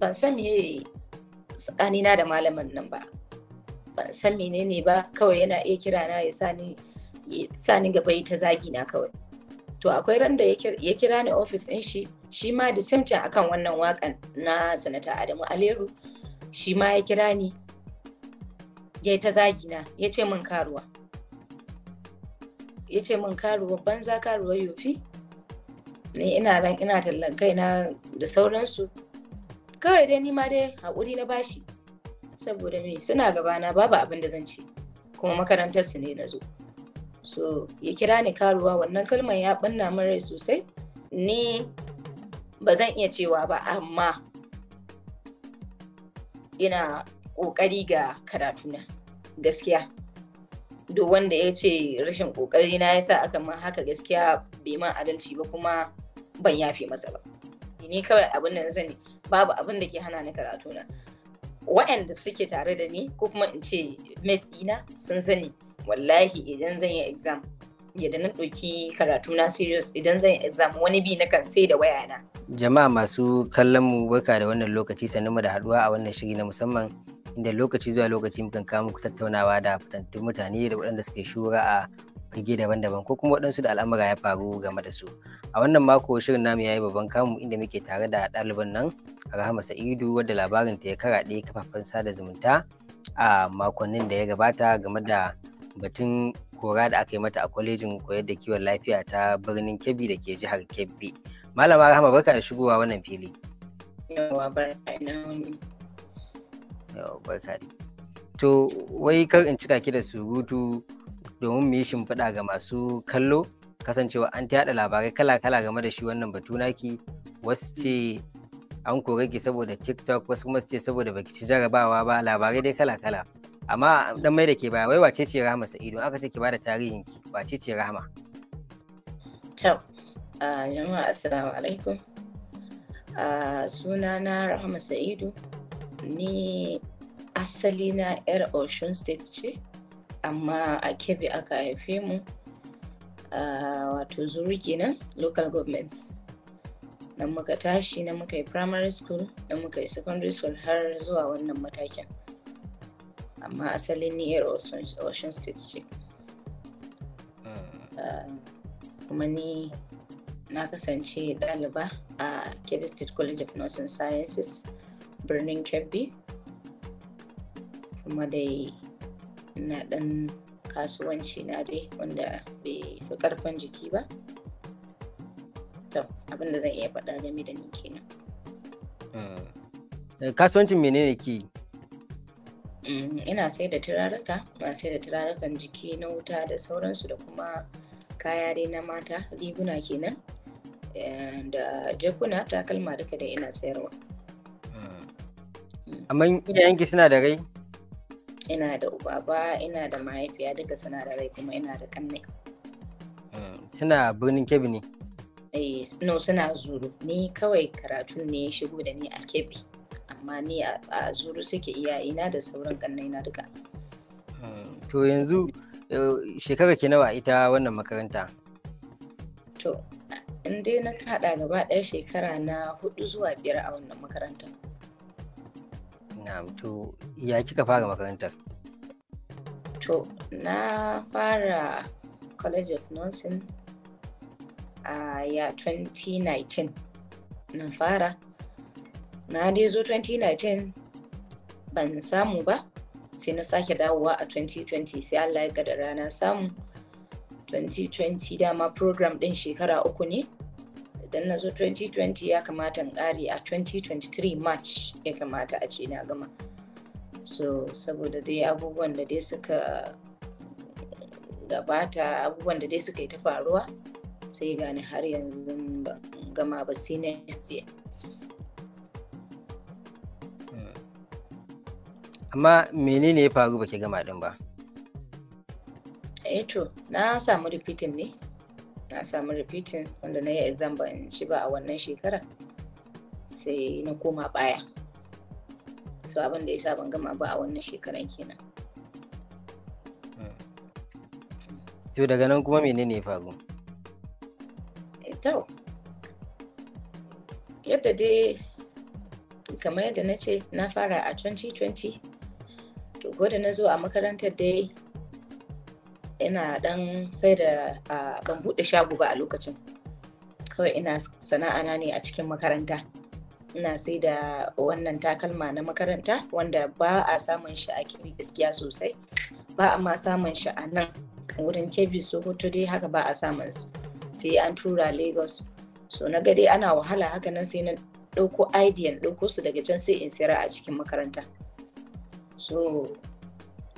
ban san me tsakanina da malamin nan ba ban san menene ba kawai yana iya kira na ya sani sani gaba ta zagi na kawai to akwai randa da ya kira ni ofis din shi shi ma da same akan wannan wakan na sanata Adamu Aleru shi ma ya kira ni ya ta zagi na ya ce min karuwa ya ce min karuwa banza karuwa yofi ne ina ran ina tallan kaina da sauransu kawai dai ni ma dai haƙuri na bashi saboda me suna gabana babu abin da zan ce kuma makarantar su ne na zo so ya kira ni karuwa wannan kalmar ya banna min rai sosai ni ba zan iya cewa ba amma ina ƙoƙari ga karatuna gaskiya duk wanda ya ce rashin ƙoƙari na yasa aka ma haka gaskiya bai man adalci ba kuma ban yafe masa ba ni kawai abin da na sani babu abin da ke hana ni karatu na waɗanda suke tare da ni ko kuma in ce mates ina sun sani wallahi idan zan yi exam yadda na ɗauki karatu na serious idan zan yi exam wani bi na kan sai da waya na. jama'a masu kallon mu baka da wannan lokaci sannu mu da haduwa a wannan shiri na musamman inda lokaci zuwa lokaci mukan kawo muku tattaunawa da fitattun mutane da waɗanda suke shura a fage daban-daban ko kuma waɗansu da al'amura ya faru game da su a wannan mako shirin namu ya yi babban kamu inda muke tare da ɗaliban nan a rahama sa'idu wadda labarin ta ya karaɗe kafafen sada zumunta a makonnin da ya gabata game da batun kora da aka yi mata a kwalejin koyar da kiwon lafiya ta birnin kebbi da ke jihar kebbi malama rahama barka da shigowa wannan fili yawa barka ina wani yawa barka to wai kar in cika ki da surutu domin mu yi shimfiɗa ga masu kallo kasancewa an ta yaɗa labarai kala-kala game da shi wannan batu naki wasu ce an kore ki saboda tiktok wasu kuma su ce saboda baki ci jarabawa ba labarai dai kala-kala amma dan mai da ke baya wai wace ce rahama sa'idu aka ce ki bada tarihin ki wace ce rahama to jama'a assalamu alaikum sunana rahama sa'idu ni asali na yar ocean state ce amma a kebe aka haife mu a wato zuri kenan local governments na muka tashi na muka yi primary school na muka yi secondary school har zuwa wannan matakin amma asalin ni yar ocean state ce hmm. kuma ni na kasance ɗaliba a kebbi state college of nursing sciences birnin kebbi kuma dai ina ɗan kasuwanci na dai wanda bai fi ƙarfin jiki ba to abinda zan iya faɗa game da ni kenan eh, eh, kasuwancin menene ke mm, ina sai da turaruka ba sai da turarukan jiki na wuta da sauransu da kuma kaya dai na mata riguna kenan eh, da jakuna takalma duka da ina sayarwa amma iyayenki suna da rai ina da ba, ina da mahaifiya duka suna da rai kuma ina da kanne hmm, suna birnin kebbi ne eh no suna zuru ni kawai karatun ne shigo da ni a kebbi amma ni a zuru suke iya, ina da sauran na duka hmm, to yanzu eh, shekara ke nawa ita wannan makaranta to in dai na hada gaba ɗaya shekara na hudu zuwa biyar a wannan makaranta to ya kika fara makarantar? To, na fara College of Nursing a ya 2019 na fara. Na dai zo 2019 ban samu ba, sai na sake dawowa a 2020 sai Allah ya gada rana samu. 2020 dama program din shekara uku ne. dan na zo 2020 ya kamata in a 2023 march ya kamata a ce na gama so saboda dai abubuwan da dai suka gabata abubuwan da dai suka yi ta faruwa sai gane har yanzu gama ba sai next hmm. amma menene ya faru baki gama din ba eto eh na samu repeating ne na samu repeating wanda na yi exam ban shi ba a wannan shekara sai na koma baya so abin da ya sa ban gama ba a wannan shekaran kenan to daga nan kuma menene ya faru eh, to yadda dai kamar yadda na ce na fara a 2020 to gwada na zo a makarantar dai ina dan sai da ban bude shago ba a lokacin kawai ina sana'a na ne a cikin makaranta ina sai da wannan takalma na makaranta wanda ba a samun shi a kebi gaskiya sosai ba a ma samun shi a nan wurin kebi sokoto dai haka ba a samun su sai an tura lagos so na gade ana wahala haka nan sai na ɗauko idean ɗauko su daga can sai in sayar a cikin makaranta so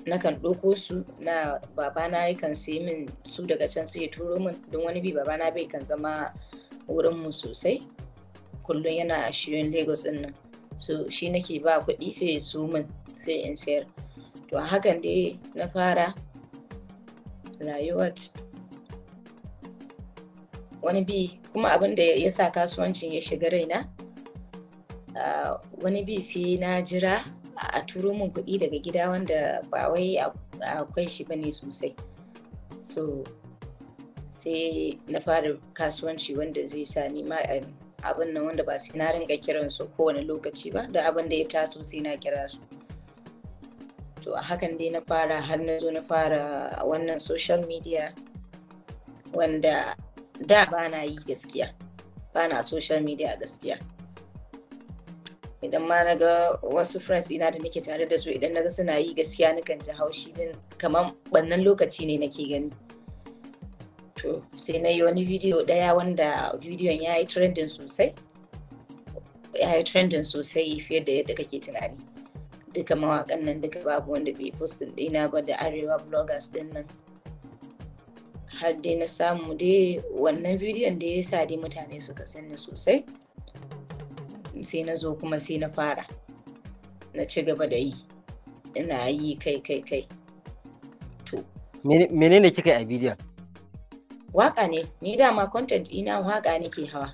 nakan ɗauko su na babana kan sai min su daga can sai ya turo min don wani bi babana bai kan zama wurin mu sosai kullum yana a shirin lagos din nan so shi nake ba kuɗi sai ya su min sai in sayar to a hakan dai na fara rayuwar wani bi kuma abin da ya sa kasuwancin ya shiga raina ah, wani bi sai na jira a turo min kuɗi daga gida wanda ba wai akwai shi bane sosai so sai na fara kasuwanci wanda zai sa ni ma eh, abin nan wanda ba sai na ringa kiran su kowane lokaci ba da abin da ya taso sai na kira su to a hakan dai na fara har na zo na fara wannan social media wanda da ba na yi gaskiya ba na social media gaskiya idan ma na ga wasu friends ina da nake tare da su idan na ga suna yi gaskiya kan ji haushi din kamar bannan lokaci ne nake gani to sai na yi wani bidiyo daya wanda videon ya yi trending sosai ya yi trending sosai fiye da yadda kake tunani duka mawakan nan duka babu wanda bai postin dina ba da arewa bloggers din nan har dai na samu dai wannan bidiyon da ya sa dai mutane suka sani sosai sai na zo kuma sai na fara na ci gaba da yi ina yi kai kai kai to menene kika yi a bidiyon waka ne ni dama content ina waka nake hawa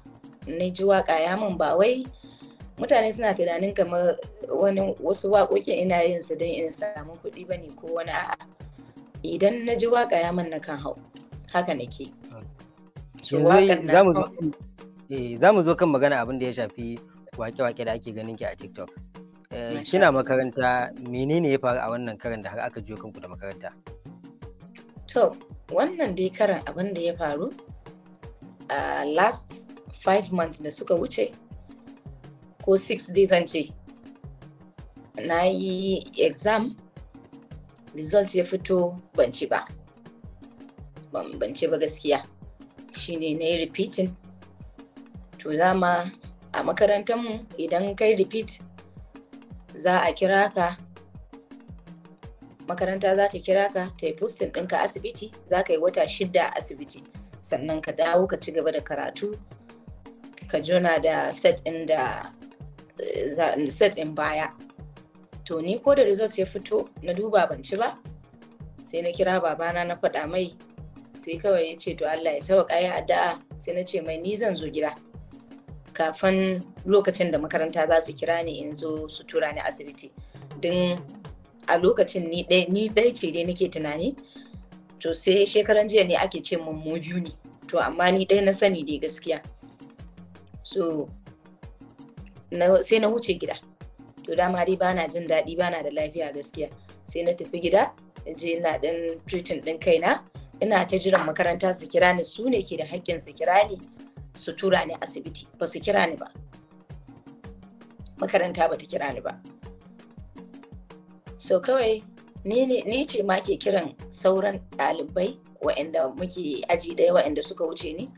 na ji waka ya mun ba wai mutane suna tunanin kamar wani wasu waƙoƙin ina yin su don in samu kuɗi ba ne ko wani a'a idan na ji waka ya mun na kan hau haka nake ah. eh, za mu zo kan magana abin da ya shafi wake-wake da ake ganin ki a TikTok. Eh, kina makaranta menene ya faru a wannan karan da har aka jiyo kanku da makaranta? To, wannan dai karan abin da ya faru a last five months da suka wuce ko six days an ce. Na yi exam, result ya fito ban ba. Ban ba gaskiya. Shine na yi repeating. To dama a makarantarmu idan kai repeat za a kira ka makaranta za ta kira ka ta yi fustin ɗinka asibiti za ka yi wata shida a asibiti sannan ka dawo ka ci gaba da karatu ka jona da set in baya to ni ko da result ya fito na duba ban ci ba sai na kira babana na faɗa mai sai kawai ya ce to Allah ya sauka ya addu'a sai na ce mai ni zan zo gida kafin lokacin da makaranta za su kira ni in zo su tura ni asibiti don a lokacin ni dai ce dai nake tunani to sai shekaran jiya ne ake ce mun mu biyu ne to amma ni dai na sani dai gaskiya so sai na wuce gida to dama dai bana jin daɗi bana da lafiya gaskiya sai na tafi gida je ina ɗin treating ɗin kaina ina ta jiran makaranta su kira ni su ne ke da haƙƙin su kira ni su tura ni asibiti ba su kira ni ba makaranta ba ta kira ni ba so kawai ni ce ma ke kiran sauran ɗalibai waɗanda muke aji ɗaya waɗanda suka wuce ni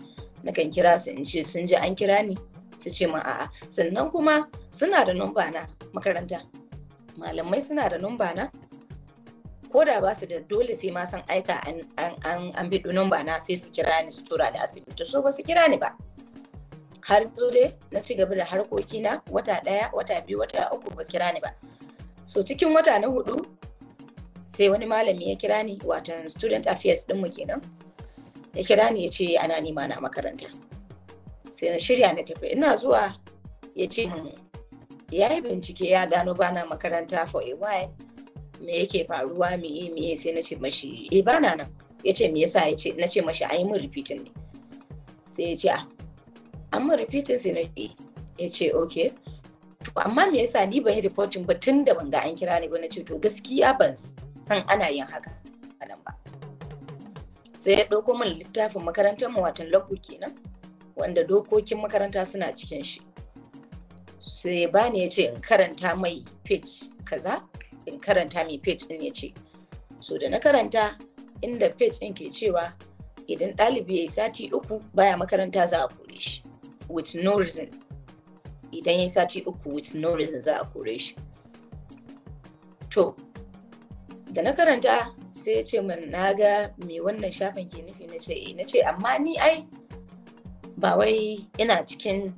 nakan kira su in ce sun ji an kira ni su ce min a'a sannan kuma suna da numba na makaranta malamai suna da numba na ko da ba su da dole sai ma san aika an bi numba na sai su kira ni su tura da asibiti so ba su kira ni ba har zo na ci gaba da harkoki na wata ɗaya wata biyu wata uku ba su kira ni ba so cikin wata na hudu sai wani malami ya kira ni watan student affairs mu kenan ya kira ni ya ce ana nima na makaranta sai na shirya na tafi ina zuwa ya ce ya yi bincike ya gano bana makaranta for a while me yake faruwa me yi sai na ce mashi E, eh, bana nan ya ce me yasa ya ce na ce mashi an yi min repeating ne sai ya ce a ah, an mun repeating sai na ce ya ce okay to amma me yasa ni ban yi reporting ba tun da ban ga an kira ni ba na ce to gaskiya ban san ana yin haka nan ba sai ya ɗauko min littafin makarantar mu watan logbook kenan wanda dokokin makaranta suna cikin shi sai bani ya ce in karanta mai page kaza in karanta mai page ɗin ya ce so da na karanta inda page ɗin ke cewa idan ɗalibi ya yi sati uku baya makaranta za a kore shi with no reason idan ya yi sati uku with no reason za a kore shi to da na karanta sai ya ce min na ga me wannan shafin ke nufi na ce eh, na ce amma ni ai ba wai ina cikin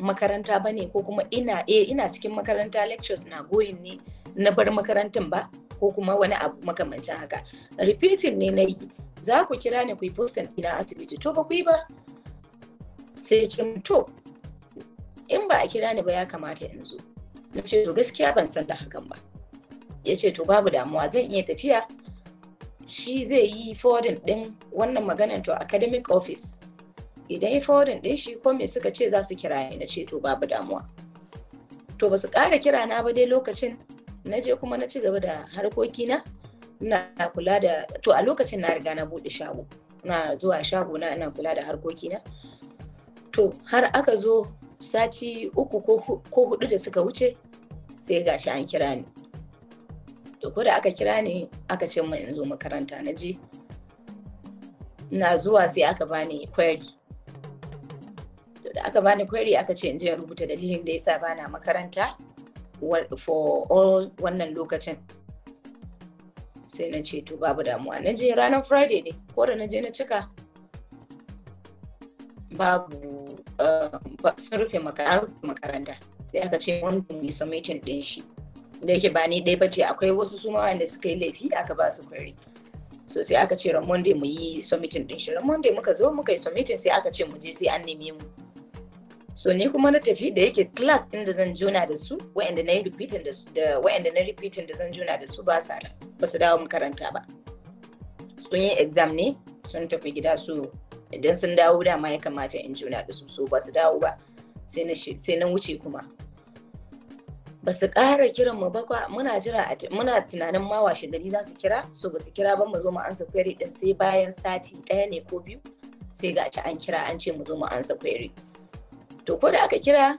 makaranta ba ne ko kuma ina eh, ina cikin makaranta lectures na goyin ne na bar makarantar ba ko kuma wani abu makamancin haka repeating ne na yi za ku kira ni ku yi postin ina asibiti to ba ku yi ba sai ce to in ba a kira ni ba ya kamata in zo na ce to gaskiya ban san da hakan ba ya ce to babu damuwa zan iya tafiya shi zai yi fodin ɗin wannan maganar to academic office idan ya forwarding ɗin shi ko me suka ce za su kira ni na ce to babu damuwa to ba su ƙara kira na ba dai lokacin na je kuma na ci gaba da harkokina na kula da to a lokacin na riga na bude shago na zuwa shago na ina kula da harkokina to har aka zo sati uku ko hudu da suka wuce sai gashi an kira ni to ko da aka kira ni aka ce min in zo makaranta na je na zuwa sai aka bani query to da aka bani query aka ce in je rubuta dalilin da yasa bana makaranta for all wannan lokacin sai na ce to babu damuwa na je ranar friday ne ko da na je na cika babu eh, sun rufe makaranta sai aka ce wanda mu submitting din shi da yake ba ni ɗaya bace akwai wasu suma wanda suka yi laifi aka ba su kwari so sai aka ce ran mu yi submitting din shi ran muka zo muka yi submitting sai aka ce mu je sai an neme mu so ni kuma na tafi da yake class ɗin da zan juna da su wa'anda na yi repeating da su da wa'anda na repeating da zan juna da su ba sa nan ba su dawo makaranta ba sun yi exam ne sun tafi gida su idan sun dawo dama ya kamata in juna da su so ba su dawo ba sai na wuce kuma ba su ƙara kiran mu ba muna jira muna tunanin ma washe gari za su kira so ba su kira ba mu zo mu ansa query din sai bayan sati ɗaya ne ko biyu sai ga ci an kira an ce mu zo mu ansa query to ko da aka kira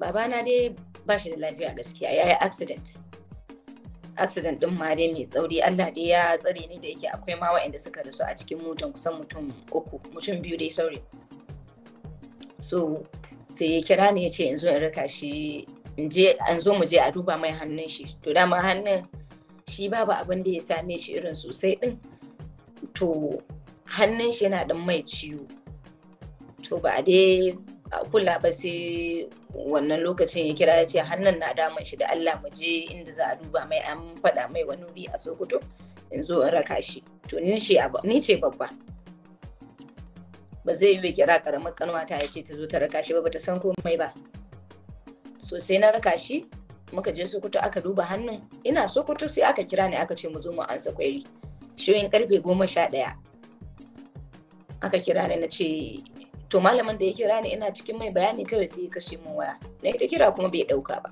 babana dai ba shi da lafiya gaskiya ya yi accident accident din ma dai mai tsauri Allah dai ya tsare ni da yake akwai ma waɗanda suka rasu a cikin motan kusan mutum uku mutum biyu dai sauri so sai ya kira ni ya ce in in raka shi in zo mu je a duba mai hannun shi to dama hannun shi babu abin da ya same shi irin sosai din to hannun shi yana dan mai ciwo to ba dai kula ba sai wannan lokacin ya kira ya ce hannun na damun shi da Allah mu je inda za a duba mai an faɗa mai wani bi a Sokoto in zo in raka shi to ni ce babba ba zai yi wa kira karamar ta ya ce ta zo ta raka shi ba ta san komai ba so sai na raka shi muka je Sokoto aka duba hannun ina Sokoto sai aka kira ni aka ce mu zo mu ansa kwairi shoyin karfe goma sha ɗaya aka kira ni na ce to malamin da ya kira ni ina cikin mai bayani kawai sai ya kashe min waya na ita kira kuma bai ɗauka ba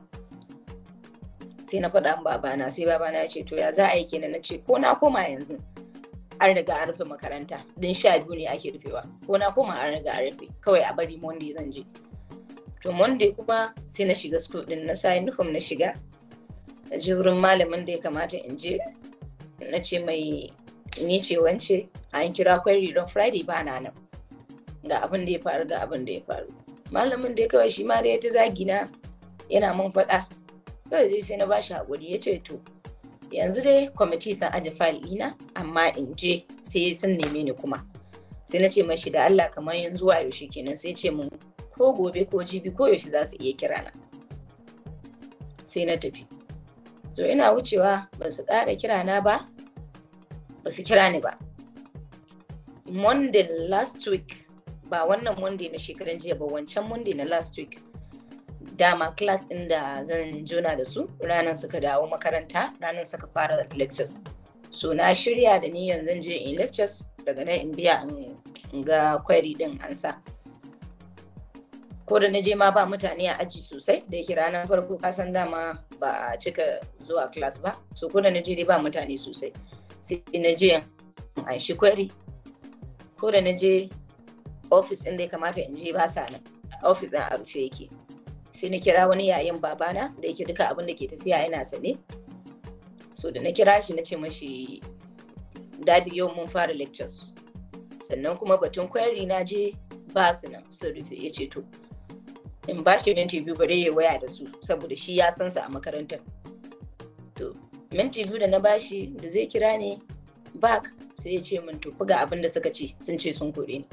sai na faɗa babana sai babana ya ce to ya za a yi kenan na ce ko na koma yanzu an riga an rufe makaranta din sha biyu ne ake rufewa ko na koma an riga an rufe kawai a bari monday zan je to monday kuma sai na shiga school din na sa uniform na shiga na je wurin malamin da ya kamata in je na ce mai ni ce wance an kira kwai don friday ba na nan ga abin da ya faru ga abin da ya faru malamin da ya kawai shi ma da ya ta zagi na yana mun faɗa Yau zai sai na ba shi haƙuri ya ce to yanzu dai kwamiti sun aje fayil ɗina amma in je sai sun neme ni kuma sai na ce mashi da Allah kamar yanzu a yaushe kenan sai ce mun ko gobe ko jibi ko yaushe za su iya kira sai na tafi to ina wucewa ba su ƙara kira ba ba su kira ni ba monday last week ba wannan monday na shekaran jiya ba wancan monday na last week dama class ɗin da zan jona da su ranar suka dawo makaranta ranar suka fara lectures so na shirya da ni yanzu je in lectures daga nan in biya in ga query din ansa ko da na je ma ba mutane a aji sosai da yake ranar farko kasan dama ba a cika zuwa class ba so ko da na je dai ba mutane sosai sai na je an shi query ko da na je ofis ɗin da ya kamata in je ba sa nan ofis ɗin a rufe yake sai na kira wani yayin babana da yake duka abin da ke tafiya yana sane so da na kira shi na ce mashi dadi yau mun fara lectures sannan kuma batun query na je ba su nan sun rufe ya ce to in ba shi minti biyu bare ya waya da su saboda shi ya san su a makarantar to minti biyu da na ba shi da zai kira ne back sai ya ce min to buga abin da suka ce sun ce sun kore ni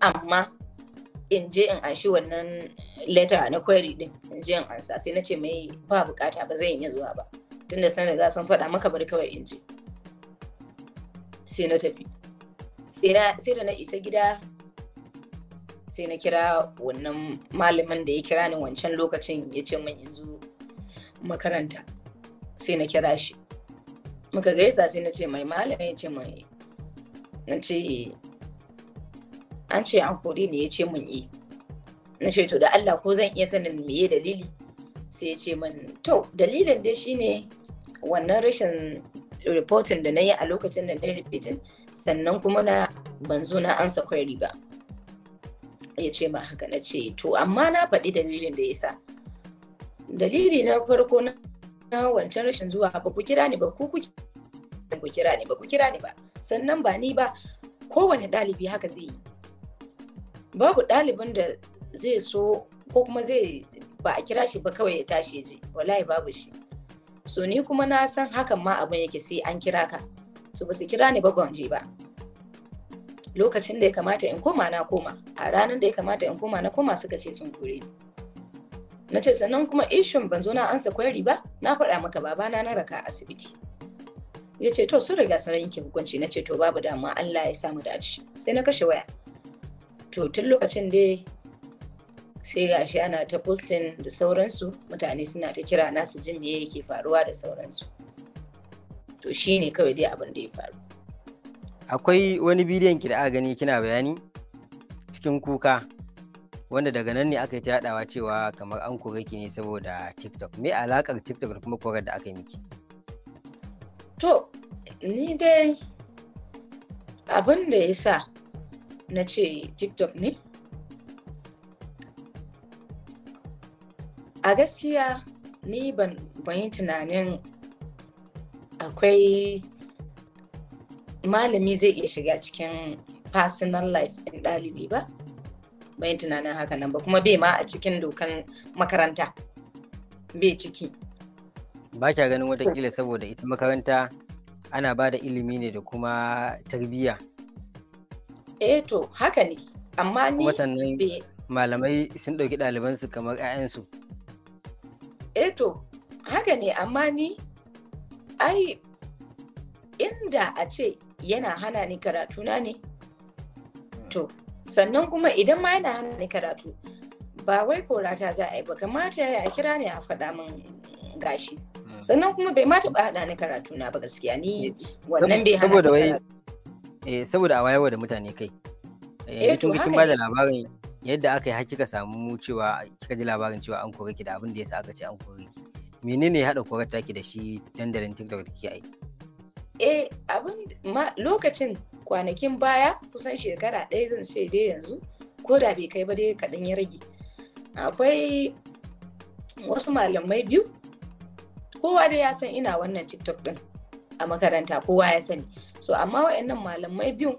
amma in je in anshi wannan letter na query din in je in ansa sai na ce mai ba bukata ba zai iya zuwa ba tunda san riga sun faɗa maka bari kawai in je sai na tafi sai da na isa gida sai na kira wannan malamin da ya kira ni wancan lokacin ya ce min yanzu makaranta sai na kira shi muka gaisa sai na ce mai malamin ya ce mai na ce an ce an kori ne ya ce mun yi eh. na ce to da Allah ko zan iya sanin meye dalili sai ya ce min to dalilin dai shine wannan rashin reporting da na yi a lokacin da na yi sannan kuma na ban zo na ansa query ba ya ce ma haka na ce to amma na faɗi dalilin da ya sa dalili na farko na wancan rashin zuwa ba ku kira ni ba ku ku kira ni ba ku kira ni ba sannan ba ni ba kowane ɗalibi haka zai yi babu ɗalibin da zai so ko kuma zai ba a kira shi ba kawai ya tashi je wallahi babu shi so ni kuma na san hakan ma abin yake sai an kira ka so ba su kira ni ba ban ba lokacin da ya kamata in koma na koma a ranar da ya kamata in koma na koma suka ce sun kore na ce sannan kuma ishin ban zo na ansa kwari ba na faɗa maka baba na raka asibiti ya ce to sun riga sun yanke hukunci na ce to babu damuwa Allah ya samu dace sai na kashe waya to tun lokacin dai sai gashi ana ta postin da sauransu mutane suna ta kira nasu jin yake faruwa da sauransu to shine kawai dai abin da ya faru akwai wani bidiyon ki da aka gani kina bayani cikin kuka wanda daga nan ne aka yi ta yadawa cewa kamar an kore ki ne saboda tiktok me alakar tiktok da kuma korar da aka yi miki to ni dai abin da ya sa na ce tiktok ne a gaskiya ni ban yi tunanin akwai malami zai iya shiga cikin personal life ɗin ɗalibi ba bayan tunanin haka nan ba kuma bai ma a cikin dokan makaranta bai ciki ba kya ganin watakila saboda ita makaranta ana ba da ilimi ne da kuma tarbiyya eh to haka ne amma ni sannan malamai sun ɗauki ɗalibansu kamar 'ya'yansu eh to haka ne amma ni ai inda a ce yana hana ni karatuna ne to sannan kuma idan ma yana hana ni karatu ba wai korata za a yi ba kamata ya kira ne a faɗa min gashi hmm. sannan kuma bai ma taɓa haɗa ni karatuna ba gaskiya ni wannan bai hana ni karatu. eh saboda a wayewa da mutane kai eh, eh tun ba da labarin yadda aka yi har kika samu cewa kika ji labarin cewa an kore ki da abin da yasa aka ce an kore ki menene hada korar ki da shi dandalin TikTok da kike aiki eh abin ma lokacin kwanakin baya kusan shekara ɗaya zan ce dai yanzu ko da bai kai ba dai kaɗan ya rage akwai wasu malamai biyu kowa dai ya san ina wannan tiktok ɗin a makaranta kowa ya sani so amma wayannan malamai biyun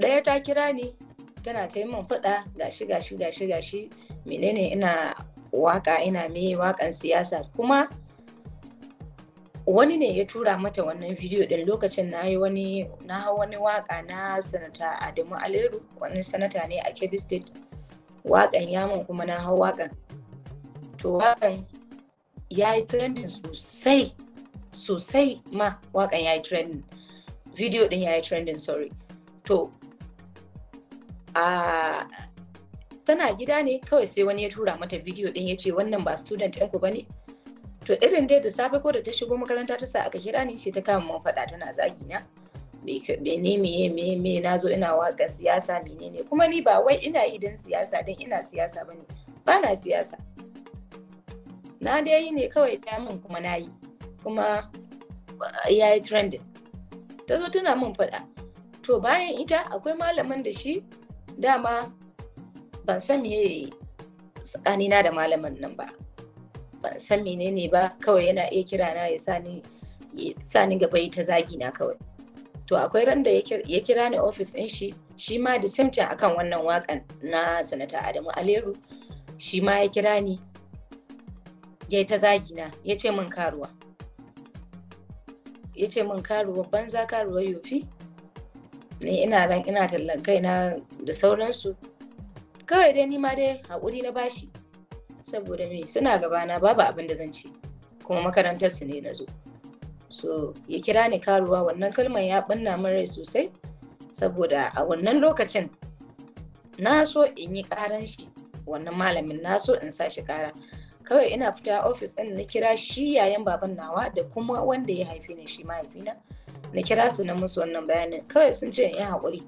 ɗaya ta kira ni tana ta yi min faɗa gashi gashi gashi gashi menene ina waka ina me wakan siyasa kuma wani ne ya tura mata wannan bidiyo din lokacin na yi wani na hau wani waka na sanata adamu aleru wani sanata ne a kebbi state wakan yamin kuma na hau wakan to wakan ya yi trending sosai sosai ma wakan yi trending video din yi trending sorry to a tana gida ne kawai sai wani ya tura mata video din ya ce wannan ba student ɗinku ba ne to irin dai da safe ko da ta shigo makaranta ta sa aka kira ni sai ta kama mun faɗa tana zagi na ne meye meye me na zo ina waka siyasa menene kuma ni ba wai ina yi don siyasa don ina siyasa bane ba na siyasa na dai yi ne kawai ta min kuma na yi kuma eh, ya yi trending ta zo tana min faɗa to bayan ita akwai malamin da shi dama ban san me tsakanina da malamin nan ba ban san menene ba kawai yana iya kira na ya sani ni gaba ta zagi na kawai to akwai ran da ya kira ni ofis ɗin shi shi ma da simtin akan wannan wakan na sanata adamu aleru shi ma ya kira ni ya ta zagi na ya ce min karuwa ya ce min karuwar banza karuwar yofi ne ina ran ina tallan kaina da sauransu kawai dai nima dai hakuri na bashi saboda me suna gabana babu abin da zan ce kuma makarantar su ne na zo so ya kira ni karuwa wannan kalmar ya banna min rai sosai saboda a wannan lokacin na so in yi karan shi wannan malamin na so in sa shi kara kawai ina fita ofis ɗin na kira shi yayan baban nawa da kuma wanda ya haife ni shi mahaifina na kira su na musu wannan bayanin kawai sun ce in yi haƙuri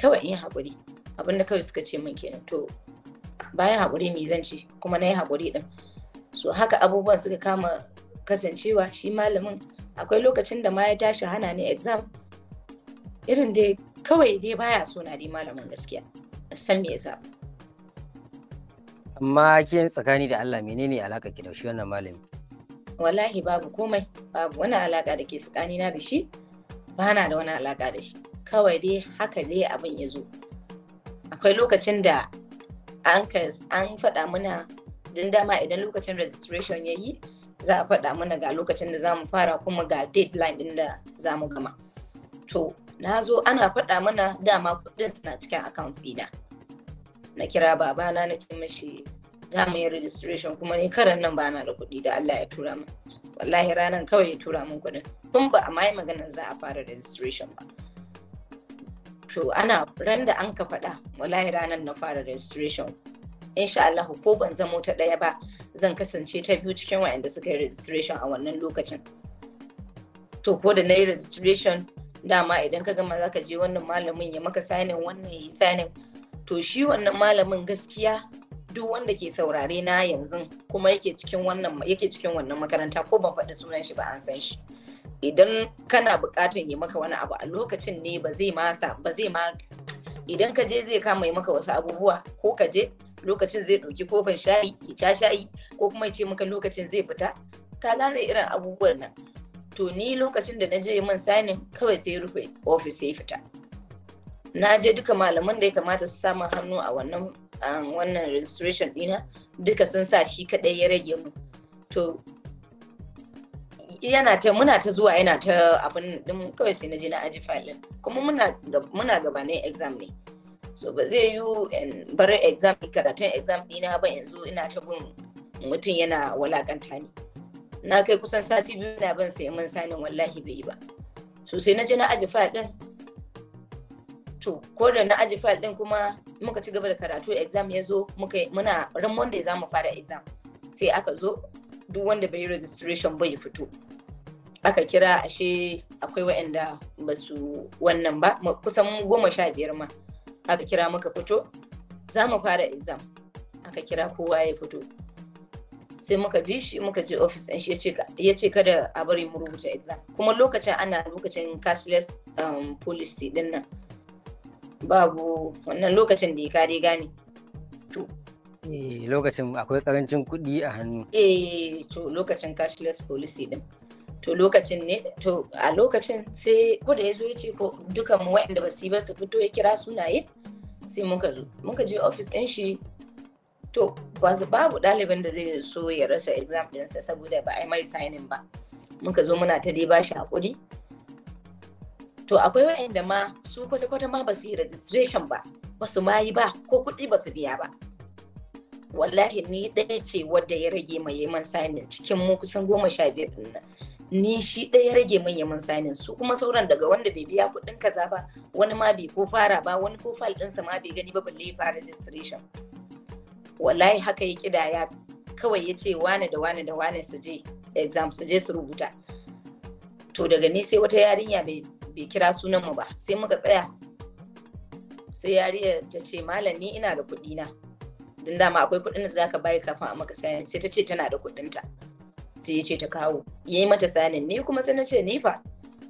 kawai in yi abin da kawai suka ce min kenan to bayan hakuri me zan ce kuma na yi haƙuri ɗin so haka abubuwan suka kama kasancewa shi malamin akwai lokacin da ma ya tashi hana ni exam irin dai kawai dai baya so na dai malamin gaskiya san me yasa amma kin tsakani da Allah menene alaka ki da shi wannan malami wallahi babu komai babu wani alaka da ke tsakani na da shi ba na da wani alaka da shi kawai dai haka dai abin ya zo akwai lokacin da an faɗa mana don dama idan lokacin registration ya yi za a faɗa mana ga lokacin da za mu fara kuma ga deadline ɗin da za mu gama to na zo ana faɗa mana dama kuɗin suna cikin accounts ɗina. na kira babana na ce mashi za mu yi registration kuma ne karan nan ba na da kuɗi da Allah ya tura min wallahi ranar kawai ya tura min kuɗin tun ba a mai maganar za a fara registration ba to ana ran da an ka faɗa wallahi ranar na fara registration insha Allah ko ban zamo ta ɗaya ba zan kasance ta biyu cikin wayanda suka yi registration a wannan lokacin to ko da na yi registration dama idan ka gama zaka je wannan malamin ya maka sainin wannan ya yi sainin to shi wannan malamin gaskiya duk wanda ke saurare na yanzu kuma yake cikin wannan yake cikin wannan makaranta ko ban faɗi sunan shi ba an san shi idan kana buƙatar yi maka wani abu a lokacin ne ba zai ma ba zai ma idan ka je zai kama yi maka wasu abubuwa ko ka je lokacin zai ɗauki kofin shayi ya ca shayi ko kuma ya ce maka lokacin zai fita ka gane irin abubuwan nan to ni lokacin da na je min sanin kawai sai rufe ofis sai fita na je duka malaman da ya kamata su samun hannu a wannan um, wannan registration dina duka sun sa shi kaɗai ya rage mu to yana ta muna ta zuwa yana ta abin din kawai sai na je na aji filin kuma muna gabanin exam ne so ba zai yi bar exam karatun exam dina ba yanzu ina ta bin mutum yana walakanta ni na kai kusan sati biyu na ban sai mun sanin wallahi bai yi ba Sosai sai na je na aji file to ko da na aji file din kuma muka ci gaba da karatu exam ya zo muna ran monday za mu fara exam sai aka zo duk wanda bai yi registration ba ya fito aka kira ashe akwai waɗanda ba su wannan ba kusan goma sha biyar ma aka kira muka fito za mu fara exam aka kira kowa ya fito sai muka bi shi muka je ofis ɗin shi ya ce kada a bari mu rubuta exam kuma lokacin ana lokacin cashless um, policy din nan babu wannan lokacin da ya kare gane to eh, lokacin akwai karancin kuɗi a hannu eh to lokacin cashless policy din to lokacin ne to a lokacin sai kuda da ya zo ya ce ko dukan mu waɗanda ba su yi ba su fito ya kira sunaye sai muka zo muka je ofis ɗin shi to babu ɗalibin da zai so ya rasa exam ɗinsa saboda ba a yi mai signing ba muka zo muna ta dai ba shi haƙuri to akwai wa'anda ma su kwata-kwata ma ba su yi registration ba ba su ma yi ba ko kuɗi ba su biya ba wallahi ni ɗaya ce wadda ya rage mai yaman sanin cikin mu kusan goma sha biyar ɗin nan ni shi ɗaya ya rage mai yaman sanin su kuma sauran daga wanda bai biya kuɗin kaza ba wani ma bai ko fara ba wani fal ɗinsa ma bai gani ba balle ya fara registration wallahi haka ya kidaya kawai ya ce wane da wane da wane su je exam su je su rubuta to daga ni sai wata yarinya bai. bai kira sunan mu ba sai muka tsaya sai yariya ta ce malam ni ina da kuɗi na don dama akwai kuɗin da za ka bayar kafin a maka sayan sai ta ce tana da kuɗin ta sai ya ce ta kawo yayi mata sanin ni kuma sai na ce ni fa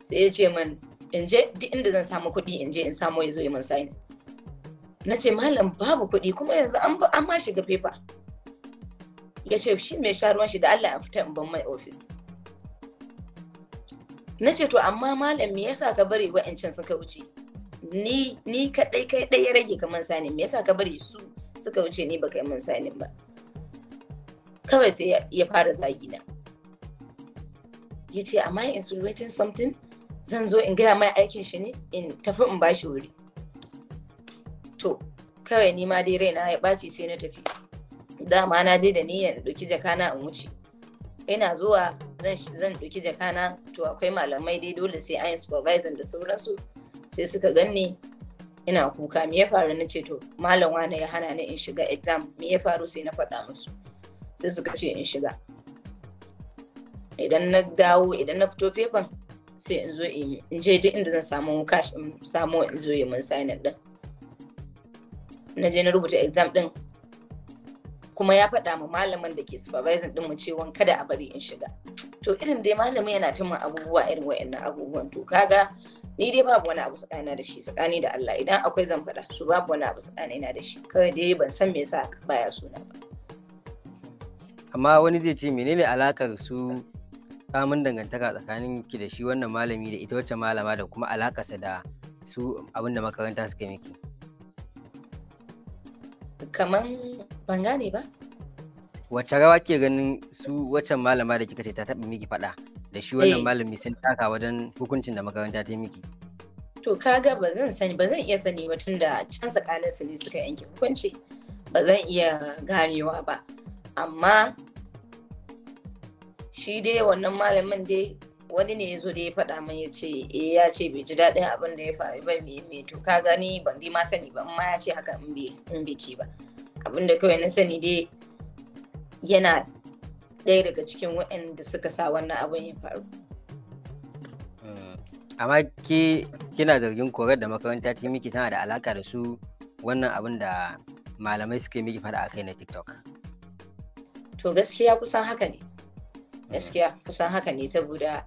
sai ya ce man in je duk inda zan samu kuɗi in je in samu ya zo ya min na ce malam babu kuɗi kuma yanzu an ma shiga fefa ya ce shi mai sha ruwan shi da Allah ya fita in ban mai ofis na ce to amma malam me yasa ka bari wa'ancan suka wuce ni ni kadai kai dai ya rage kaman sani me yasa ka bari su suka wuce ni baka yi min sani ba kawai sai ya fara zagi na yace ce amma in insinuating something zan zo in gaya mai aikin shi ne in tafi in bashi wuri to kawai ni ma dai raina ya ɓaci sai na tafi dama na je da niyan ɗauki jakana in wuce ina zuwa zan ɗauki jakana to akwai malamai dai dole sai an yi supervisor da sauransu sai suka ganni ina kuka me ya faru na ce to malam wane ya hana ni in shiga exam me ya faru sai na faɗa musu sai suka ce in shiga idan na dawo idan na fito fefan sai in zo in je duk inda zan samu cash in samu in zo yi mun sign din na je na rubuta exam din kuma ya faɗa ma malamin da ke supervising mu cewa kada a bari in shiga to irin dai malamin yana ta abubuwa irin wayannan abubuwan to kaga ni dai babu wani abu tsakani da shi tsakani da Allah idan akwai zan faɗa to babu wani abu tsakani na da shi kawai dai ban san me yasa baya suna ba amma wani zai ce menene alakar su samun dangantaka tsakanin ki da shi wannan malami da ita wacce malama da kuma alakarsa da su abin da makaranta suka miki kaman ban gane ba wacce rawa ke ganin su waccan malama da kika ce ta taɓa miki faɗa da shi wannan eh. malami sun taka wajen hukuncin da makaranta ta yi miki to kaga ba zan sani ba zan iya sani ba tunda da can tsakanin su ne suka yanke hukunci ba zan iya ganewa ba amma shi dai wannan malamin dai wani ne ya zo da ya faɗa min ya ce eh ya ce bai ji daɗin abin da ya faru ba me me to ka gani ban bi ma sani ba amma ya ce haka in bi ce ba abin da kawai na sani dai yana ɗaya daga cikin waɗanda suka sa wannan abin ya faru hmm. amma ke kina zargin korar da makaranta ta miki tana da alaka da su wannan abin da malamai suka yi miki faɗa kai na tiktok to gaskiya kusan haka ne gaskiya kusan haka ne saboda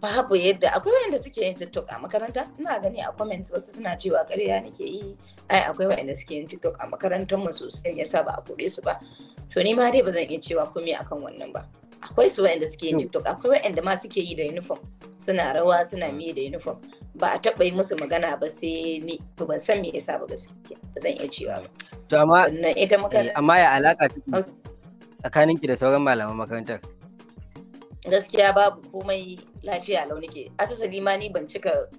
babu yadda akwai wanda suke yin tiktok a makaranta ina gani a comments wasu suna cewa ƙarya nake yi ai akwai wanda suke yin tiktok a makarantar mu sosai yasa ba a kore su ba to ni ma dai ba zan iya cewa komai akan wannan ba akwai su wanda suke yin tiktok akwai wanda ma suke yi da uniform suna rawa suna mi da uniform ba a taɓa yi musu magana ba sai ni to ban san me yasa ba gaskiya ba zan iya cewa ba to amma ita eh, makaranta amma ya alaka tsakaninki da sauran malaman makarantar gaskiya babu komai lafiya lau nake akasari ma ni ban cika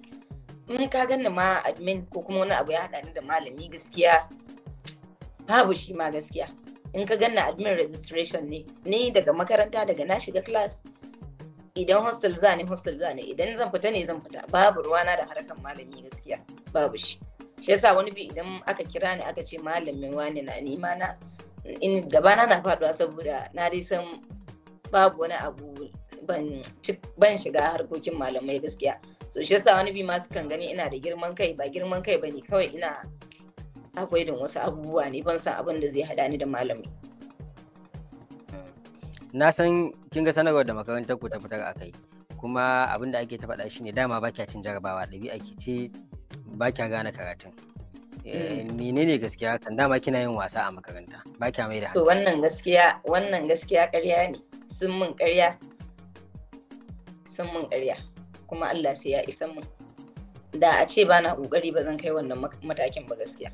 in ka ganni ma admin ko kuma wani abu ya haɗa ni da malami gaskiya babu shi ma gaskiya in ka ganna admin registration ne ni daga makaranta daga na shiga class idan hostel za ne hostel za ne idan zan fita ne zan fita babu ruwana da harkan malami gaskiya babu shi shi yasa wani bi idan aka kira ni aka ce malamin wani na ni ma na in gabana na faɗuwa saboda na dai san babu wani abu ban mm. ban shiga harkokin malamai gaskiya so shi yasa wani bi ma sukan gani ina da girman kai ba girman kai bane kawai ina akwai da wasu abubuwa ne ban san abin da zai hada ni da malami na san kin ga sanarwar da makarantar ku ta fitar kai. kuma abin da ake ta faɗa shine dama ba kya cin jarabawa ɗabi'a ki ce ba kya gane karatun eh, mm. ne gaskiya kan dama kina yin wasa a makaranta ba kya mai da to wannan gaskiya wannan gaskiya ƙarya ne sun min ƙarya san mun ƙarya kuma Allah sai ya isan mun da a ce bana kokari ba zan kai wannan matakin ba gaskiya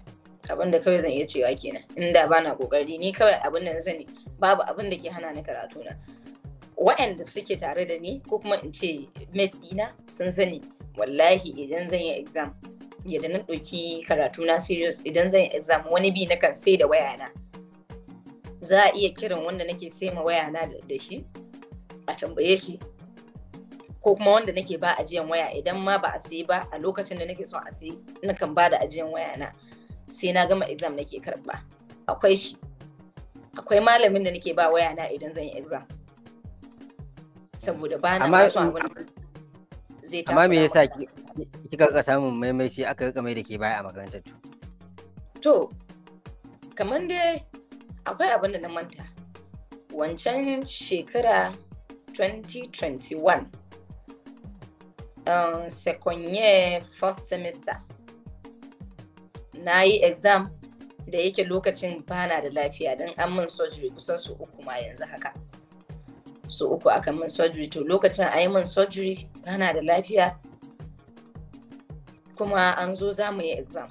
abin da kawai zan iya cewa kenan inda bana kokari ni kawai abin da na sani babu abin da ke hana ni karatu na wa'anda suke tare da ni ko kuma in ce mates ina sun sani wallahi idan zan yi exam yadda na ɗauki karatu na serious idan zan yi exam wani bi na kan sai da waya na za a iya kiran wanda nake sai ma waya na da shi a tambaye shi ko kuma wanda nake ba ajiyan waya idan ma ba a sayi ba a lokacin da nake son a sayi kan ba da ajiyan waya na sai na gama exam nake karba akwai shi akwai malamin da nake ba waya na idan zan yi exam saboda ba na son abin zai ta amma me yasa kika ka samun sai aka rika mai da ke baya a makarantar to kamar dai akwai abin da na manta wancan shekara 2021 um, second year first semester na yi exam da yake lokacin bana da lafiya don an min surgery kusan su uku ma yanzu haka su uku aka min surgery to lokacin a yi min surgery bana da lafiya kuma an zo za mu yi exam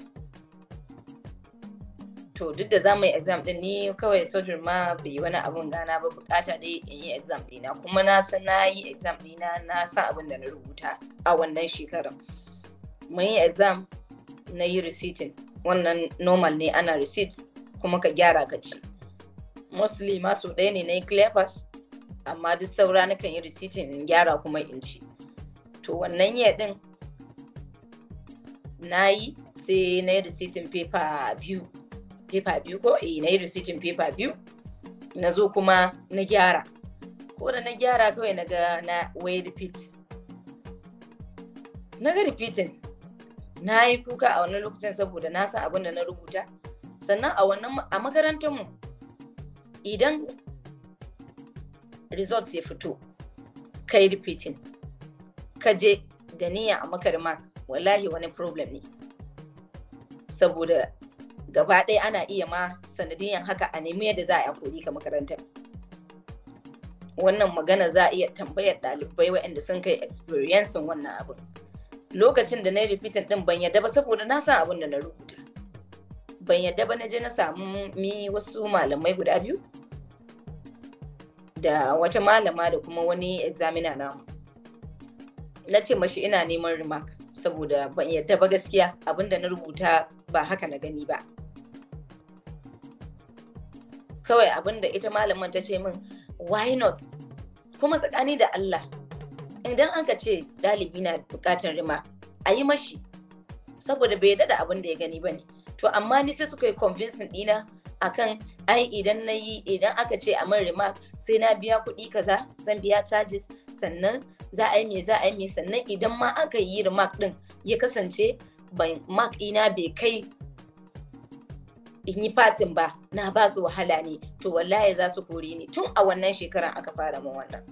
to duk da zamu yi exam din ni kawai sojin ma bai wani abun gana ba bukata dai in yi exam dina kuma na san na yi exam dina na san abin da na rubuta a wannan shekarar mun yi exam na yi receipting wannan normal ne ana receipt kuma ka gyara ka ci mostly masu ɗaya ne na yi clear amma duk saura na kan yi receipting in gyara kuma in ci to wannan yi din na yi sai na yi receipting paper biyu paper biyu ko eh na yi receipting paper biyu na zo kuma na gyara ko da na gyara kawai na ga na way repeat na ga repeating na yi kuka a wannan lokacin saboda na san abin da na rubuta sannan a wannan a makarantar mu idan results ya fito kai repeating ka je da niyya a makar mark wallahi wani problem ne saboda gaba ɗaya ana iya ma sanadiyan haka a nemi yadda za a kori ka makarantar wannan magana za a iya tambayar ɗalibai waɗanda sun kai experiencing wannan abin lokacin da na yi repeating ɗin ban yadda ba saboda na san abin da na rubuta ban yadda ba na je na samu mi wasu malamai guda biyu da wata malama da kuma wani examiner namu na ce mashi ina neman remark saboda ban yadda ba gaskiya da na rubuta ba haka na gani ba kawai abin ita malamin ta ce min why not kuma tsakani da Allah idan aka ce dalibi na bukatar rima a yi mashi saboda bai yadda da abin da ya gani ba ne to amma ni sai suka yi convincing dina akan ai idan na yi idan aka ce a min rimak sai na biya kuɗi kaza zan biya charges sannan za a yi me za a yi me sannan idan ma aka yi remark din ya kasance mark ina bai kai in yi fasin ba na ba su wahala ne to wallahi za su kore ni tun a wannan shekaran aka fara mu wannan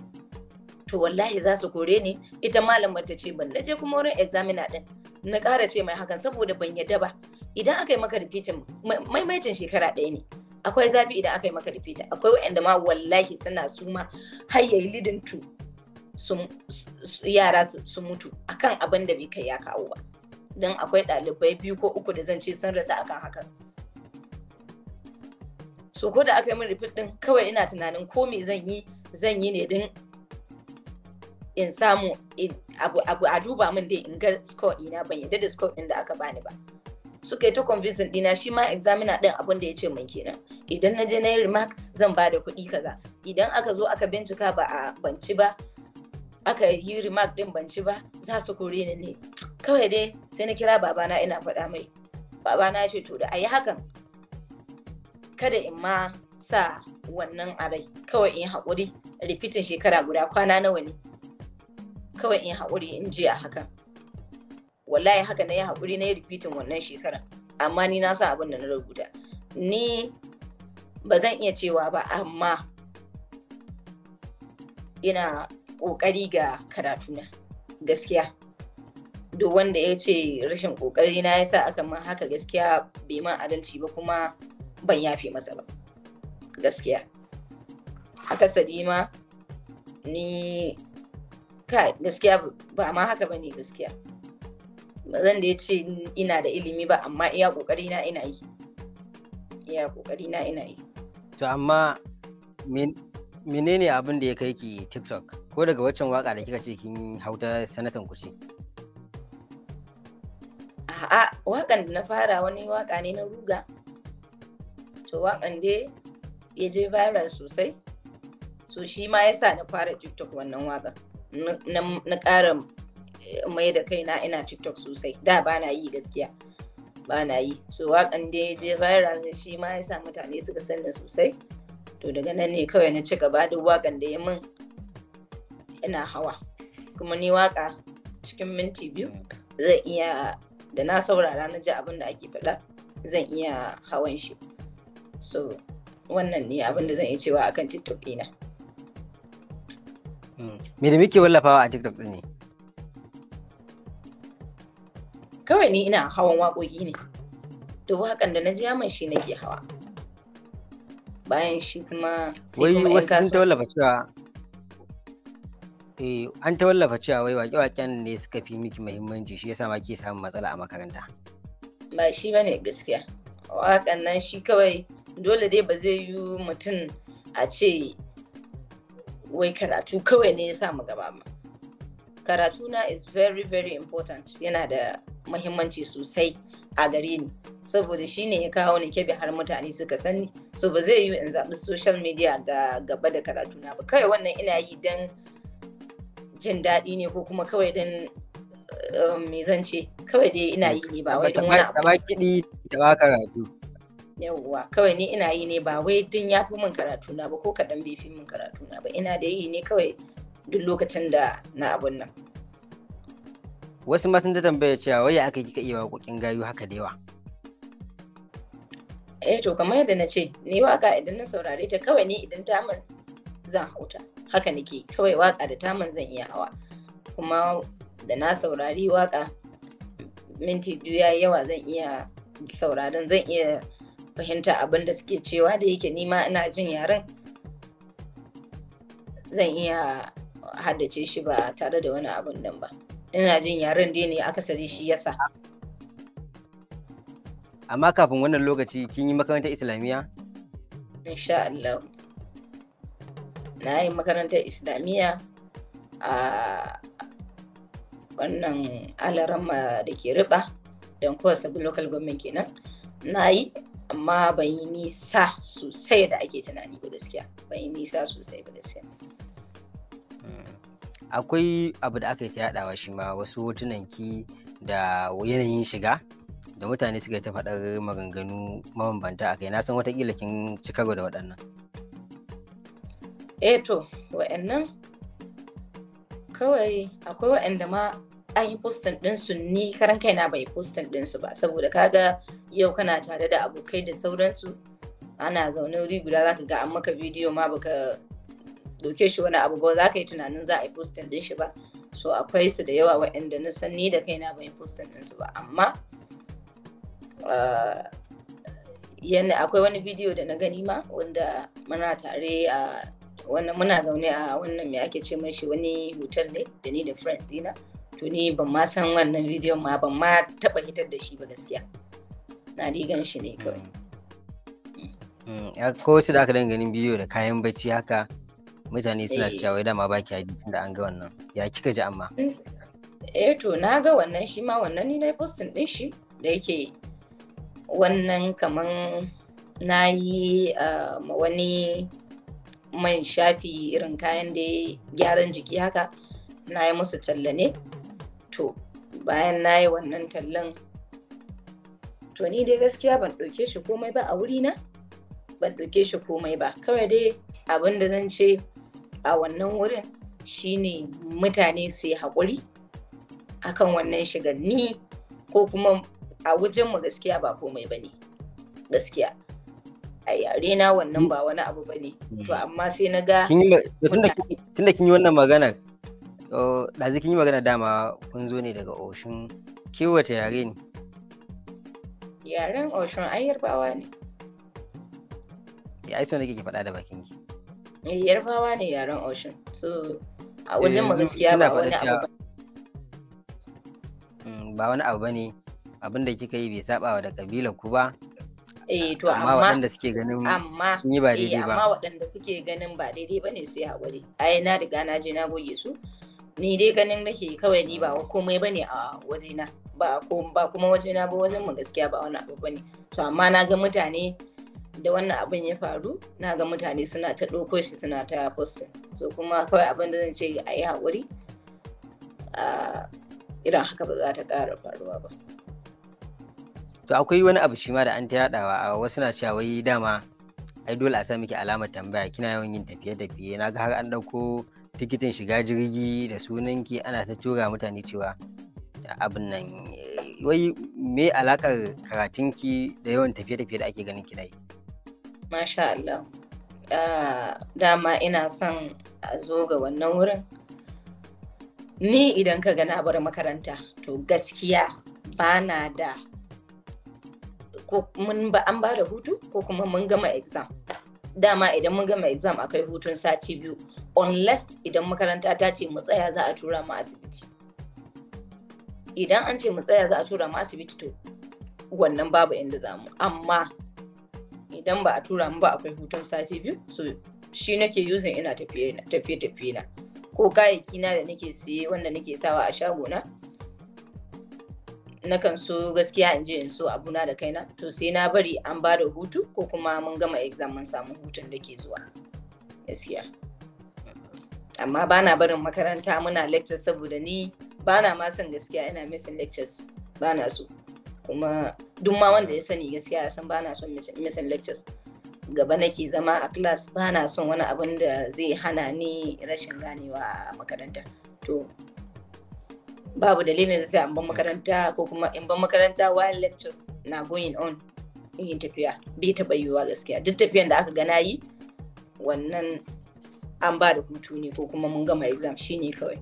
to wallahi za su kore ni ita malam ta ce ban je kuma wurin examiner din na kara ce mai hakan saboda ban yadda ba idan aka yi maka repeating maimaitin shekara ɗaya ne akwai zafi idan aka yi maka repeating akwai wa'anda ma wallahi suna suma har yayi leading to yara su mutu akan abin da bai kai ya kawo ba don akwai ɗalibai biyu ko uku da zan ce sun rasa akan hakan so ko da aka yi min repeat din kawai ina tunanin ko me zan yi zan yi ne din in samu abu a duba min dai in ga score dina ban yadda da score din da aka bani ba suka yi ta convincing dina shi ma examiner din abin da ya ce min kenan idan na je na yi remark zan ba da kuɗi kaza idan aka zo aka bincika ba a banci ba aka yi remark din banci ba za su kore ni ne kawai dai sai na kira babana ina faɗa mai babana ya ce to da a yi hakan kada in ma sa wannan a kawai in haƙuri rifitin shekara guda kwana nawa ne kawai in haƙuri in je a hakan wallahi haka na yi haƙuri na yi rifitin wannan shekara amma ni na sa abin da na rubuta ni ba zan iya cewa ba amma ina ƙoƙari ga karatuna gaskiya duk wanda ya ce rashin ƙoƙari na ya sa aka man haka gaskiya bai man adalci ba kuma ban yafe masa ba gaskiya akasari ma ni ka gaskiya ba ma haka bane gaskiya zan da ya ce ina da ilimi ba amma iya kokari na ina yi iya kokari na ina yi to amma menene abin da ya kai ki tiktok ko daga waccan waka da kika ce kin hauta sanatan kuce? a'a wakan da na fara wani waka ne na ruga to waƙan dai ya je viral sosai so shi ma yasa na fara tiktok wannan waka na ƙara eh, mai da kai na ina tiktok sosai da ba na yi gaskiya ba na yi so waƙan da ya je viral ne shi ma yasa mutane suka sanna sosai to daga nan ne kawai na ci gaba duk waƙan da ya min ina hawa kuma ni waƙa cikin minti biyu zan iya da na saurara na ji abin da ake faɗa zan iya hawan shi so wannan ne abin da zan iya cewa akan tiktok ɗina hmm. me da muke wallafawa a tiktok ɗin ne kawai ni ina hawan waƙoƙi ne to waƙan da na ji yaman shi nake hawa bayan shi kuma sai kuma wasu sun ta wallafa cewa eh an ta wallafa cewa wai waƙe-waƙen ne suka fi miki muhimmanci shi yasa ma ke samun matsala a makaranta ba shi bane gaskiya waƙan nan shi kawai dole dai ba zai yi mutum a ce wai karatu kawai ne ya samu gaba ba karatu na is very very important yana da mahimmanci sosai a gare ni saboda shi ne ya kawo ni kebe har mutane suka sani so ba zai yi in zaɓi social media ga gaba da karatu na ba kawai wannan ina yi don jin daɗi ne ko kuma kawai don eh, me zance kawai dai ina yi ne ba wai don wani abu. karatu. yawwa kawai ni ina yi ne ba wai din ya fi min karatu na ba ko kaɗan bai fi min karatu na ba ina da yi ne kawai duk lokacin da na abun nan wasu ma sun ta tambaya cewa wai ya aka yi kika iya waƙoƙin gayu haka da yawa eh to kamar yadda na ce ni waka idan na saurare ta kawai ni idan ta min zan hauta haka nake kawai waka da ta min zan iya hawa kuma da na saurari waka minti biyu yawa zan iya sauraron zan iya fahimta abin da suke cewa da yake nima ina jin yaren zan iya haddace shi ba tare da wani abun nan ba ina jin yaren dai ne akasari shi yasa amma kafin wannan lokaci kin yi makarantar islamiyya insha Allah na yi makarantar islamiyya a wannan alarama da ke riba don kowace local government kenan na yi amma ban yi nisa sosai da ake tunani ba gaskiya ban yi nisa sosai ba gaskiya hmm. akwai abu da aka yi ta yadawa shi ma wasu hotunan ki da yanayin shiga da mutane suka yi ta faɗar maganganu mabambanta a kai na san watakila kin cika da waɗannan eh to wa'annan kawai akwai wa'anda ma an yi postin ɗinsu ni karan kaina bai postin ɗinsu ba saboda ka ga yau kana tare da abokai da sauransu ana zaune wuri guda za ka ga an maka bidiyo ma baka doke shi wani abu ba za ka yi tunanin za a yi postin ɗin shi ba so akwai su da yawa waɗanda na san ni da kaina ban yi postin ɗinsu ba amma ah, yana akwai wani bidiyo da na gani ma wanda muna tare a wannan muna zaune a wannan me ake ce mai shi wani hotel ne da ni da friends dina to ni ban ma san wannan bidiyon ma ban ma taba hitar da shi ba gaskiya na rigan shi ne kawai mm. Mm. ko wasu da aka dan ganin bidiyo da kayan bacci haka mutane suna eh. cewa wai dama ki haji tunda an ga wannan ya kika ji amma mm. eh to na ga wannan shi ma wannan ni na postin din shi da yake wannan kaman na yi ah, ma wani man shafi irin kayan da gyaran jiki haka na yi musu talla ne to bayan na yi wannan tallan to ni dai gaskiya ban ɗauke shi komai ba a wurina ban ɗauke shi komai ba kawai dai abin da zan ce a wannan wurin shine mutane su yi haƙuri akan wannan shiganni ko kuma a wajenmu gaskiya ba komai ba ne gaskiya a yare na wannan ba wani abu ba ne to hmm. amma sai na ga tunda kin yi wannan magana so da zikin yi magana dama kun zo ne daga oshin kewata yare ne yaren oshin an yarbawa ne ya eh, ai so ke kike faɗa da bakin ki eh, yarbawa ne yaren oshin so a eh, wajen mu gaskiya ba wani abu mm, ba wani abu bane abin da kika yi bai wa da kabilar ku ba eh to amma waɗanda suke ganin amma ni ba daidai ba amma waɗanda suke ganin ba daidai bane ne su yi ai na riga na je na goge su ni dai ganin nake kawai ni ba komai ba ne a wajena ba ba kuma wajena ba wajen mu gaskiya ba wani abu bane To amma na ga mutane da wannan abin ya faru na ga mutane suna ta ɗauko shi suna ta postin so kuma kawai abin da zan ce a yi haƙuri irin haka ba za ta ƙara faruwa ba to akwai wani abu shi ma da an ta yaɗawa a wasu na cewa wai dama ai dole a sa miki alamar tambaya kina yawan yin tafiye-tafiye na ga har an ɗauko tikitin shiga jirgi da sunanki ana ta tura mutane cewa abin nan eh, wai me alakar karatunki da yawan tafiye-tafiye da ake ganin kina yi masha Allah ah, dama ina son a zo ga wannan wurin ni idan ka gana bar makaranta to gaskiya ba na da ko mun ba an ba da hutu ko kuma mun gama exam dama idan mun gama exam akai hutun sati biyu unless idan makaranta ta ce mu tsaya za a tura mu asibiti idan an ce mu tsaya za a tura mu asibiti to wannan babu inda za mu amma idan ba a tura mu ba akwai hutun sati biyu so shi nake using ina tafiye-tafiye na ko kayayyaki na da nake siye wanda nake sawa a shago na nakan so gaskiya in je in so abu na da kaina to sai na bari an ba da hutu ko kuma mun gama exam mun samu hutun da ke zuwa gaskiya amma bana barin makaranta muna lectures saboda ni bana ma son gaskiya ina missing lectures bana so kuma duk ma wanda ya sani gaskiya san bana son missing lectures gaba nake zama a class bana son wani abin da zai hana ni rashin ganewa a makaranta to babu dalilin da sai an ban makaranta ko kuma in ban makaranta while lectures na going on in tafiya bai taɓa yiwuwa gaskiya duk tafiyan da aka gana yi wannan an ba da hutu ne ko kuma mun gama exam shine kawai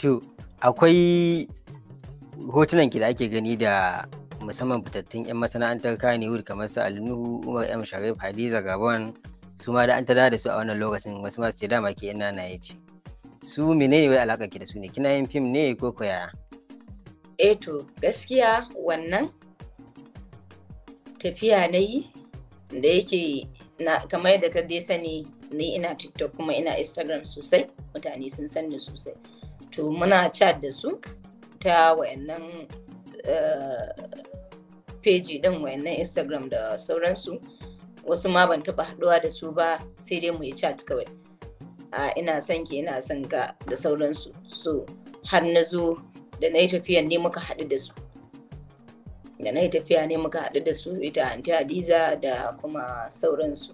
to akwai hotunan ki da ake gani da musamman fitattun 'yan masana'antar kaniwood kamar su Alnuhu, umar m sharif hadiza gabon su ma da an tada da su a wannan lokacin wasu masu ce dama ke ina na ce su menene wai alaka ki da su ne kina yin fim ne ko kwaya. eh to gaskiya wannan tafiya na yi da yake kamar yadda ka dai sani ni ina tiktok kuma ina instagram sosai mutane sun sani sosai to muna chat da su ta wayannan eh, page din wayannan instagram da sauransu wasu ma ban taba haduwa da su ba sai dai mu yi chat kawai a ina son ki ina son ka da sauransu so har na zo da na yi tafiyan ne muka haɗu da su da na yi tafiya ne muka haɗu da su ita anti hadiza da kuma sauransu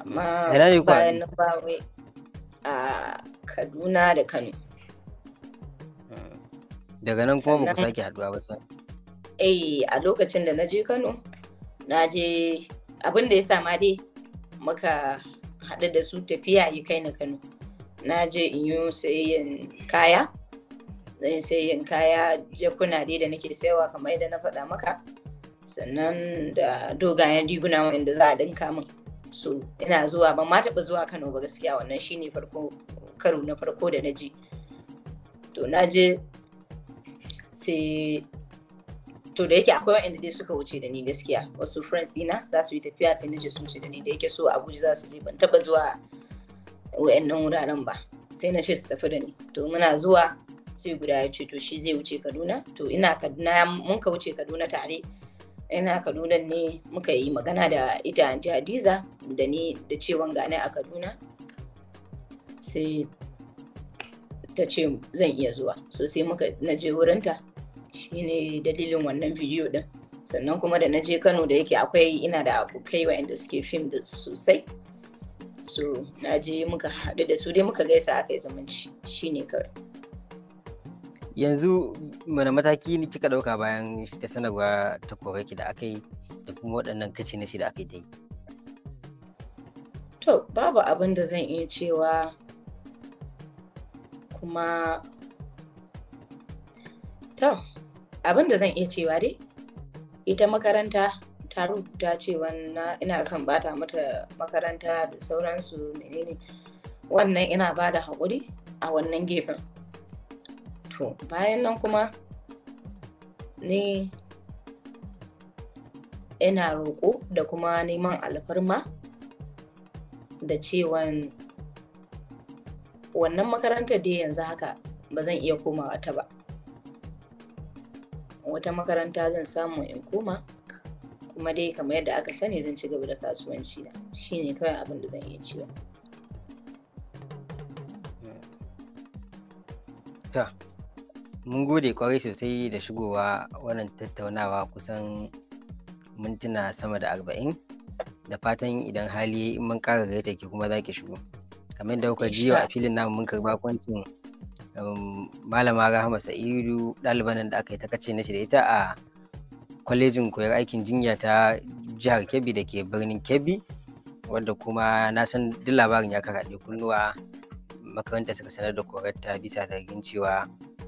amma bayan na bawai a kaduna da kano hmm. daga nan kuma muku sake haɗuwa ba sa. eh a lokacin da na je kano na je abin da ya sama dai muka haɗu da su tafiya yi kai na kano na je in yi sayayyan kaya zan yin kaya jakuna dai da nake saiwa kamar yadda na faɗa maka sannan da dogayen riguna wanda za a dinka min so ina zuwa ban ma taɓa zuwa kano ba gaskiya wannan shine farko karo na farko da na je to na je sai to da yake akwai wa'anda dai suka wuce da ni gaskiya wasu friends ina za su yi tafiya sai je sun wuce da ni da yake so abuja za su je ban taɓa zuwa wa'annan wuraren ba sai na ce su tafi da ni to muna zuwa sai guda ya ce to shi zai wuce kaduna to ina kaduna mun ka wuce kaduna tare ina kaduna ne muka yi magana da ita anti hadiza da ni da cewan gane a kaduna sai ta ce zan iya zuwa so sai muka na je wurinta shine dalilin wannan bidiyo din sannan kuma da na je kano da yake akwai ina da abokai wa'anda suke fim da sosai so na je muka haɗu da su dai muka gaisa aka yi zumunci shine kawai yanzu mana mataki ne kika dauka bayan ta sanarwa ta koraki da aka yi da kuma waɗannan kaci na shi da aka yi to babu abin da zan iya cewa kuma to abin da zan iya cewa dai ita makaranta ta rubuta cewa ina son bata mata makaranta da sauransu menene wannan ina bada da haƙuri a wannan gefen to bayan nan kuma ni ina roƙo da kuma neman alfarma da cewan wannan makarantar dai yanzu haka ba zan iya komawa ta ba wata makaranta zan samu in koma kuma dai kamar yadda aka sani zan ci gaba da kasuwanci na shine kawai abin da zan iya cewa mun gode kwarai sosai da shigowa wannan tattaunawa kusan mintuna sama da arba'in da fatan idan hali in mun ƙara gaita ke kuma za ki shigo kamar da kuka jiya a filin namu mun karba kwancin um, malama rahama sa'idu ɗaliban da aka yi ta kace na shi da ita a kwalejin koyar aikin jinya ta jihar kebbi da ke birnin kebbi wadda kuma na san duk labarin ya karaɗe kunnuwa makarantar suka sanar da korarta bisa zargin cewa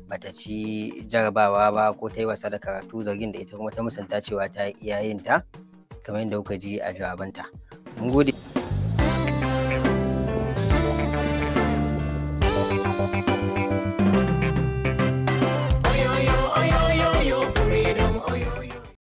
bata ci jarabawa ba ko ta yi wasa da karatu zargin da ita kuma ta musanta cewa ta iyayen ta kamar yadda kuka ji a jawabanta mun gode